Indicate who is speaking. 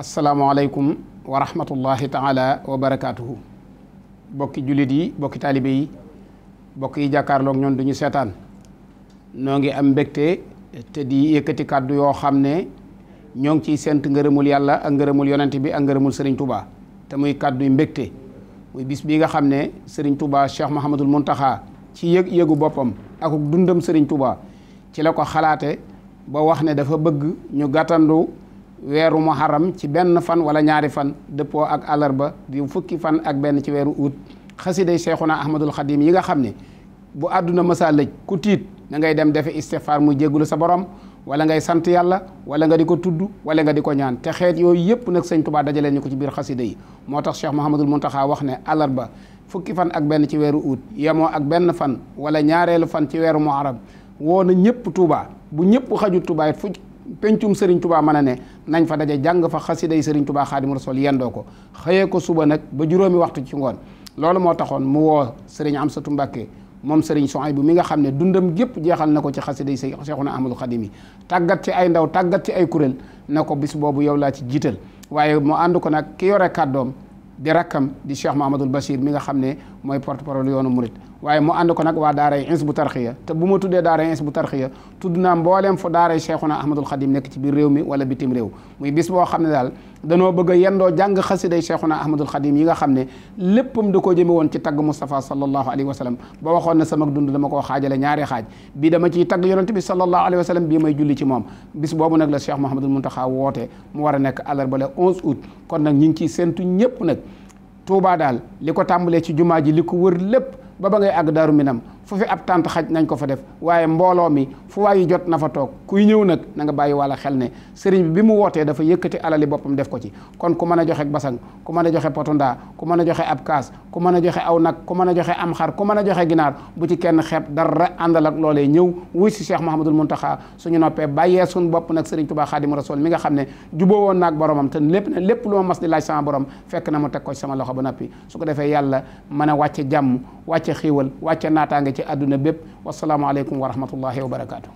Speaker 1: asalaamaaleykum wa rahmatullahi taala wa barakaatuhu bokki jullit yi bokki taalibe yi bokk yi jàkkaarloog ñoom du seetaan noo ngi am mbégte te di yëkkati kàddu yoo xam ne ñoo ngi ciy sént ngërëmul yàlla ak ngërëmul yonent bi ak ngërëmul Serigne Touba te muy kàddu yu mbégte muy bis bii nga xam ne Serigne Touba Cheikh Mouhamadul Mountakha ci yëg yëgu boppam ak dundam sëriñ Touba ci la ko xalaate ba wax ne dafa bëgg ñu gàttandu. weeru muharram ci benn fan wala ñaari fan dëppoo ak àllarba di fukki fan ak benn ci weeru août xasiday Cheikhuna Ahmadul Xadim yi nga xam ne bu àdduna mësaa lëj ku da ngay dem defe istighfar mu jéggulu sa borom wala ngay sant yàlla wala nga di ko tudd wala nga di ko ñaan te yooyu yëpp nag sëñ Tuubaa dajaleen ñu ko ci biir xasida yi moo tax Cheikh Mouhamadul Muntaxa wax ne àllarba fukki fan ak benn ci weeru août yemoo ak benn fan wala ñaareelu fan ci weeru muharram woo na ñëpp Tuubaa bu ñëpp xaju Tuubaa it fu pencum Serigne tubaa mën a ne nañ fa daje jàng fa xasiday Serigne Touba Xaadimu Rasuul yendoo ko xëyee ko suba nag ba juróomi waxtu ci ngoon loolu moo taxoon mu wow woo Serigne Amsatou Mbacké moom Serigne bi mi nga xam ne dundam gépp jeexal na ko ci xasiday Seexuna Ahmadul Xadim yi tàggat ci ay ndaw tàggat ci ay kuréel na ko bis boobu yow laa ci jiital waaye mu ànd ko nag ki yore kàddoom di rakkam di Cheikh Mahamadul Bachir mi nga xam ne mooy porte-parole yoonu murit waaye mu ànd ko nag waa daaray Hizbut Tarqiyyah te bu ma tuddee daaray Hizbut Tarqiyyah tudd naa mbooleem fu daaray Cheikhuna Ahmadul Xadim nekk ci biir réew mi wala bitim réew muy bis boo xam ne daal danoo bëgg a yendoo jàng xasiday Cheikhuna Ahmadul Xadim yi nga xam ne léppam da koo jëme woon ci tagg Moustapha sallallahu alayhi wa sallam na sama dund dama koo xaajale ñaari xaaj bii dama ciy tagg yonent bi sallallahu alayhi wa sallam bii may julli ci moom bis boobu nag la Cheikh Mouhamadul Mountakha woote mu war a nekk àllarba le 11 août kon nag ñu ngi ciy séntu ñëpp nag Touba daal li ko tàmbalee ci jumaa ji li ko wër lépp ba ba ngay àgg daaru minam fu fi ab tànt xaj nañ ko fa def waaye mbooloo mi fu waayu jot na fa toog kuy ñëw nag na nga bàyyi walla xel ne sëriñ bi bi mu wootee dafa yëkkati alali boppam def ko ci kon ku mën a joxe basang ku mën a joxe potonda ku mën a joxe ab kaas ku mën a joxe aw nag ku mën a joxe am xar ku mën a joxe ginaar bu ci kenn xeeb dara àndal ak loolee ñëw wuy si Cheikh Mahamadul Muntaxa suñu noppee bàyyee suñ bopp nag sëriñ Tuubaa Xaadimu Rasuul mi nga xam ne juboo woon boromam te lépp lépp lu ma mas di laaj fekk na mu teg ko ci sama ba noppi su ko defee yàlla mën a wàcce jàmm wàcce xiiwal wàcce naataange ci àdduna bépp wasalaamualeykum wa rahmatullahi wa barakaatu.